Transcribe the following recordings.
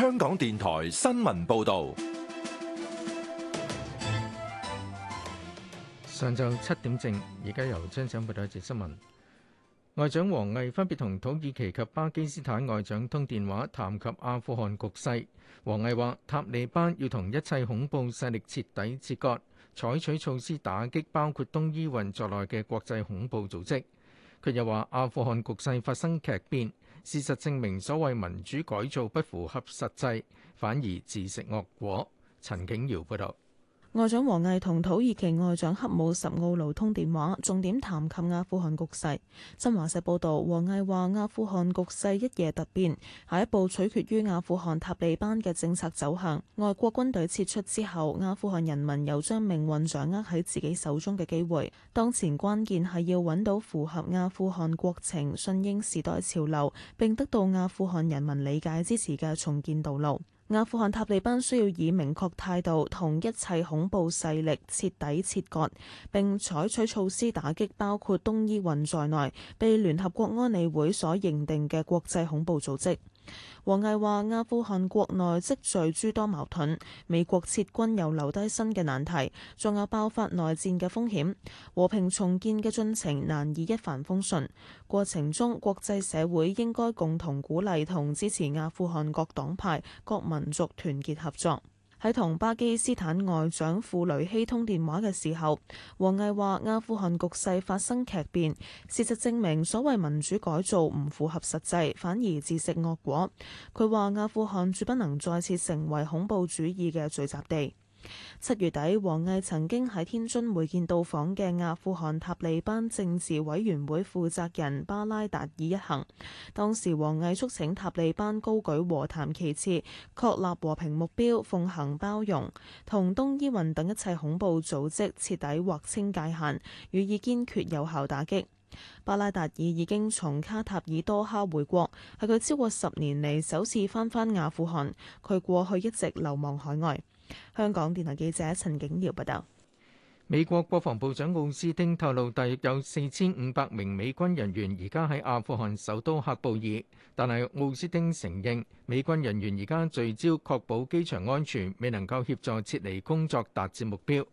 香港電台新聞報道，上晝七點正，而家由張生報道一節新聞。外長王毅分別同土耳其及巴基斯坦外長通電話，談及阿富汗局勢。王毅話：塔利班要同一切恐怖勢力徹底切割，採取措施打擊包括東伊運在內嘅國際恐怖組織。佢又話：阿富汗局勢發生劇變。事實證明，所謂民主改造不符合實際，反而自食惡果。陳景堯報道。外長王毅同土耳其外長恰武什奧盧通電話，重點談及阿富汗局勢。新華社報道，王毅話阿富汗局勢一夜突變，下一步取決於阿富汗塔利班嘅政策走向。外國軍隊撤出之後，阿富汗人民有將命運掌握喺自己手中嘅機會，當前關鍵係要揾到符合阿富汗國情、順應時代潮流，並得到阿富汗人民理解支持嘅重建道路。阿富汗塔利班需要以明確態度同一切恐怖勢力徹底切割，並採取措施打擊包括東伊運在內被聯合國安理會所認定嘅國際恐怖組織。王毅話：阿富汗國內積聚諸多矛盾，美國撤軍又留低新嘅難題，仲有爆發內戰嘅風險。和平重建嘅進程難以一帆風順，過程中，國際社會應該共同鼓勵同支持阿富汗各黨派、各民族團結合作。喺同巴基斯坦外長庫雷希通電話嘅時候，王毅話阿富汗局勢發生劇變，事實證明所謂民主改造唔符合實際，反而自食惡果。佢話阿富汗絕不能再次成為恐怖主義嘅聚集地。七月底，王毅曾經喺天津會見到訪嘅阿富汗塔利班政治委員會負責人巴拉達爾一行。當時王毅促請塔利班高舉和談旗幟，確立和平目標，奉行包容，同東伊運等一切恐怖組織徹底劃清界限，予以堅決有效打擊。巴拉達爾已經從卡塔爾多哈回國，係佢超過十年嚟首次翻返阿富汗。佢過去一直流亡海外。香港電台記者陳景堯報道，美國國防部長奧斯汀透露，大約有四千五百名美軍人員而家喺阿富汗首都喀布爾，但係奧斯汀承認，美軍人員而家聚焦確保機場安全，未能夠協助撤離工作達至目標。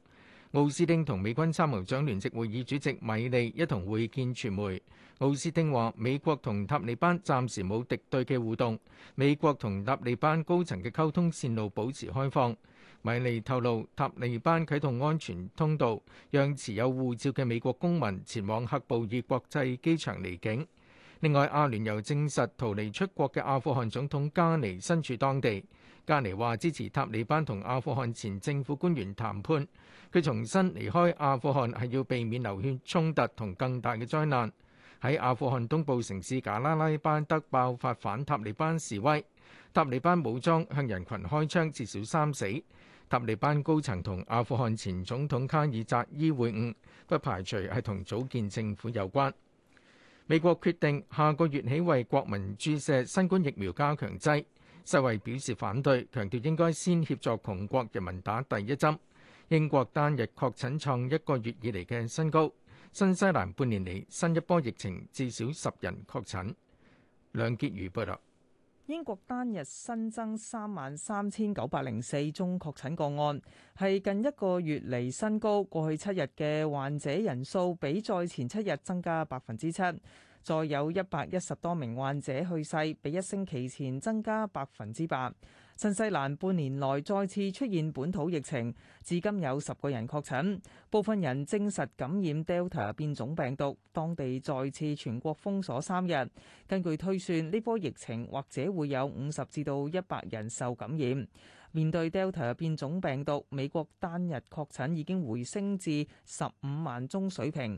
奧斯汀同美軍參謀長聯席會議主席米利一同會見傳媒。奧斯汀話：美國同塔利班暫時冇敵對嘅互動，美國同塔利班高層嘅溝通線路保持開放。米利透露，塔利班啟動安全通道，讓持有護照嘅美國公民前往喀布爾國際機場離境。另外，阿聯酋證實逃離出國嘅阿富汗總統加尼身處當地。加尼話支持塔利班同阿富汗前政府官員談判。佢重新離開阿富汗係要避免流血衝突同更大嘅災難。喺阿富汗東部城市賈拉拉巴德爆發反塔利班示威，塔利班武裝向人群開槍，至少三死。塔利班高層同阿富汗前總統卡爾扎伊會晤，不排除係同組建政府有關。美國決定下個月起為國民注射新冠疫苗加強劑。世衛表示反對，強調應該先協助窮國人民打第一針。英國單日確診創一個月以嚟嘅新高。新西蘭半年嚟新一波疫情至少十人確診。梁傑如報道，英國單日新增三萬三千九百零四宗確診個案，係近一個月嚟新高。過去七日嘅患者人數比再前七日增加百分之七。再有一百一十多名患者去世，比一星期前增加百分之八。新西蘭半年內再次出現本土疫情，至今有十個人確診，部分人證實感染 Delta 變種病毒。當地再次全國封鎖三日。根據推算，呢波疫情或者會有五十至到一百人受感染。面對 Delta 變種病毒，美國單日確診已經回升至十五萬宗水平。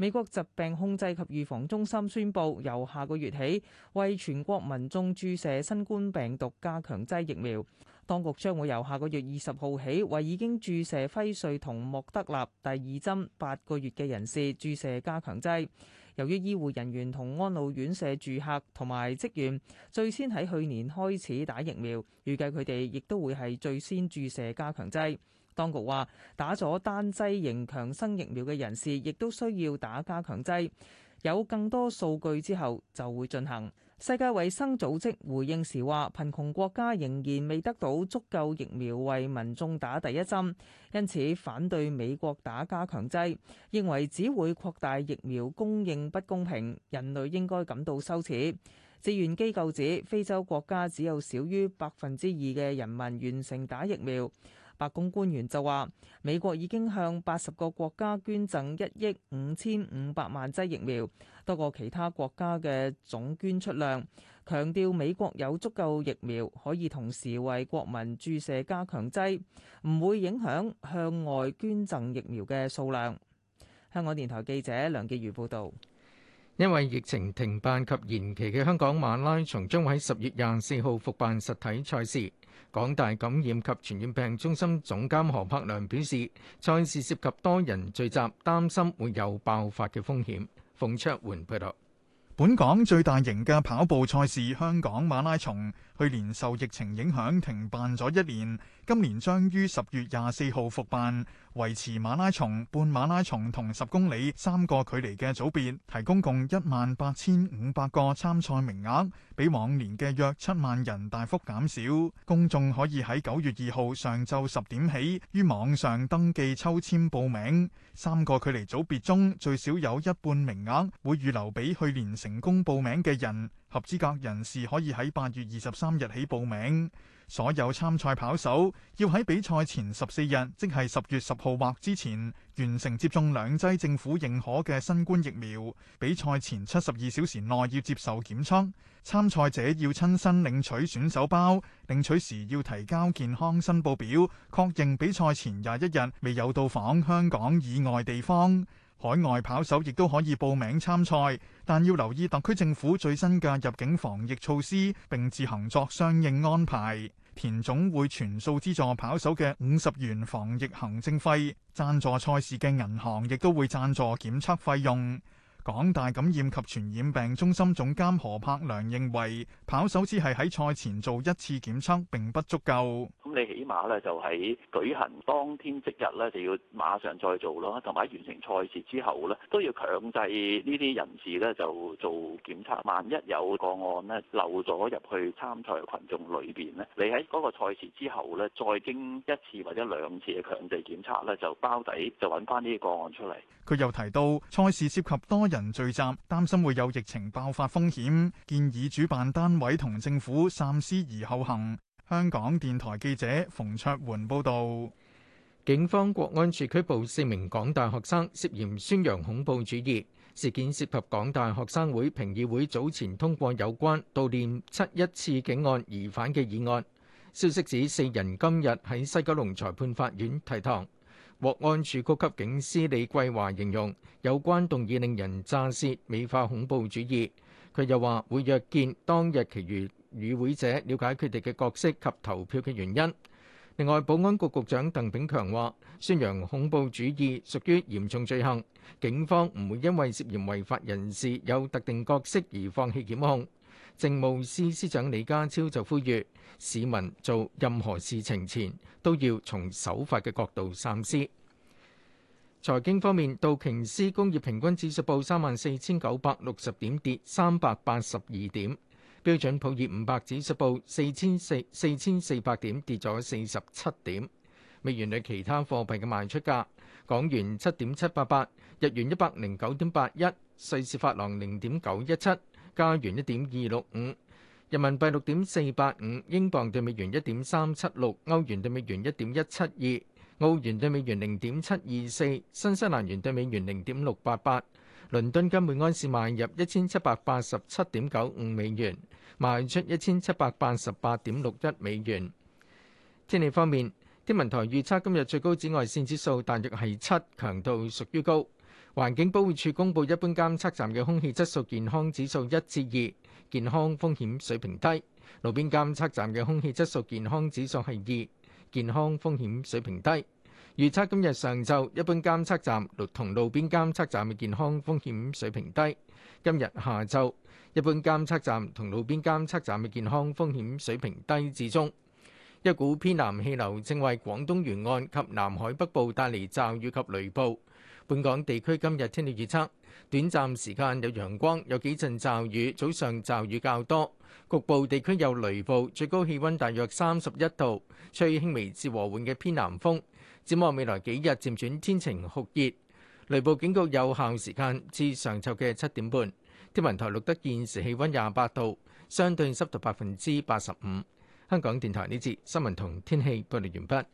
美國疾病控制及預防中心宣布，由下個月起為全國民眾注射新冠病毒加強劑疫苗。當局將會由下個月二十號起為已經注射輝瑞同莫德納第二針八個月嘅人士注射加強劑。由於醫護人員同安老院舍住客同埋職員最先喺去年開始打疫苗，預計佢哋亦都會係最先注射加強劑。當局話，打咗單劑型強生疫苗嘅人士亦都需要打加強劑。有更多數據之後就會進行。世界衞生組織回應時話，貧窮國家仍然未得到足夠疫苗為民眾打第一針，因此反對美國打加強劑，認為只會擴大疫苗供應不公平，人類應該感到羞恥。志願機構指，非洲國家只有少於百分之二嘅人民完成打疫苗。白宮官員就話：美國已經向八十個國家捐贈一億五千五百萬劑疫苗，多過其他國家嘅總捐出量。強調美國有足夠疫苗，可以同時為國民注射加強劑，唔會影響向外捐贈疫苗嘅數量。香港電台記者梁傑如報道，因為疫情停辦及延期嘅香港馬拉松將會喺十月廿四號復辦實體賽事。港大感染及傳染病中心總監何柏良表示，賽事涉及多人聚集，擔心會有爆發嘅風險。馮卓煥報道，本港最大型嘅跑步賽事——香港馬拉松。去年受疫情影響停辦咗一年，今年將於十月廿四號復辦，維持馬拉松、半馬拉松同十公里三個距離嘅組別，提供共一萬八千五百個參賽名額，比往年嘅約七萬人大幅減少。公眾可以喺九月二號上晝十點起於網上登記抽簽報名，三個距離組別中最少有一半名額會預留俾去年成功報名嘅人。合資格人士可以喺八月二十三日起報名。所有參賽跑手要喺比賽前十四日，即係十月十號或之前，完成接種兩劑政府認可嘅新冠疫苗。比賽前七十二小時內要接受檢測。參賽者要親身領取選手包，領取時要提交健康申報表，確認比賽前廿一日未有到訪香港以外地方。海外跑手亦都可以報名參賽。但要留意特區政府最新嘅入境防疫措施，並自行作相應安排。田總會全數資助跑手嘅五十元防疫行政費，贊助賽事嘅銀行亦都會贊助檢測費用。港大感染及傳染病中心總監何柏良認為跑手只係喺賽前做一次檢測並不足夠，咁你起碼咧就喺舉行當天即日咧就要馬上再做咯，同埋完成賽事之後咧都要強制呢啲人士咧就做檢測。萬一有個案咧漏咗入去參賽嘅群眾裏邊咧，你喺嗰個賽事之後咧再經一次或者兩次嘅強制檢測咧，就包底就揾翻呢個案出嚟。佢又提到賽事涉及多人。人聚集，擔心會有疫情爆發風險，建議主辦單位同政府三思而後行。香港電台記者馮卓桓報導，警方國安處拘捕四名港大學生，涉嫌宣揚恐怖主義。事件涉及港大學生會評議會早前通過有關悼念七一刺警案疑犯嘅議案。消息指四人今日喺西九龍裁判法院提堂。國安處高級警司李桂華形容有關動議令人咋舌，美化恐怖主義。佢又話會約見當日其餘與會者，了解佢哋嘅角色及投票嘅原因。另外，保安局局長鄧炳強話宣揚恐怖主義屬於嚴重罪行，警方唔會因為涉嫌違法人士有特定角色而放棄檢控。政務司司長李家超就呼籲市民做任何事情前都要從守法嘅角度三思。財經方面，道瓊斯工業平均指數報三萬四千九百六十點，跌三百八十二點；標準普爾五百指數報四千四四千四百點，跌咗四十七點。美元兌其他貨幣嘅賣出價：港元七點七八八，日元一百零九點八一，瑞士法郎零點九一七。加元一點二六五，人民幣六點四八五，英鎊對美元一點三七六，歐元對美元一點一七二，澳元對美元零點七二四，新西蘭元對美元零點六八八。倫敦金每安士買入一千七百八十七點九五美元，賣出一千七百八十八點六一美元。天氣方面，天文台預測今日最高紫外線指數大約係七，強度屬於高。環境保護署公布，一般監測站嘅空氣質素健康指數一至二，健康風險水平低；路邊監測站嘅空氣質素健康指數係二，健康風險水平低。預測今日上晝，一般監測站同路邊監測站嘅健康風險水平低；今日下晝，一般監測站同路邊監測站嘅健康風險水平低至中。一股偏南氣流正為廣東沿岸及南海北部帶嚟驟雨及雷暴。本港地區今日天氣預測：短暫時間有陽光，有幾陣驟雨，早上驟雨較多，局部地區有雷暴。最高氣温大約三十一度，吹輕微至和緩嘅偏南風。展望未來幾日漸轉天晴酷熱，雷暴警告有效時間至上晝嘅七點半。天文台錄得現時氣温廿八度，相對濕度百分之八十五。香港電台呢節新聞同天氣報道完畢。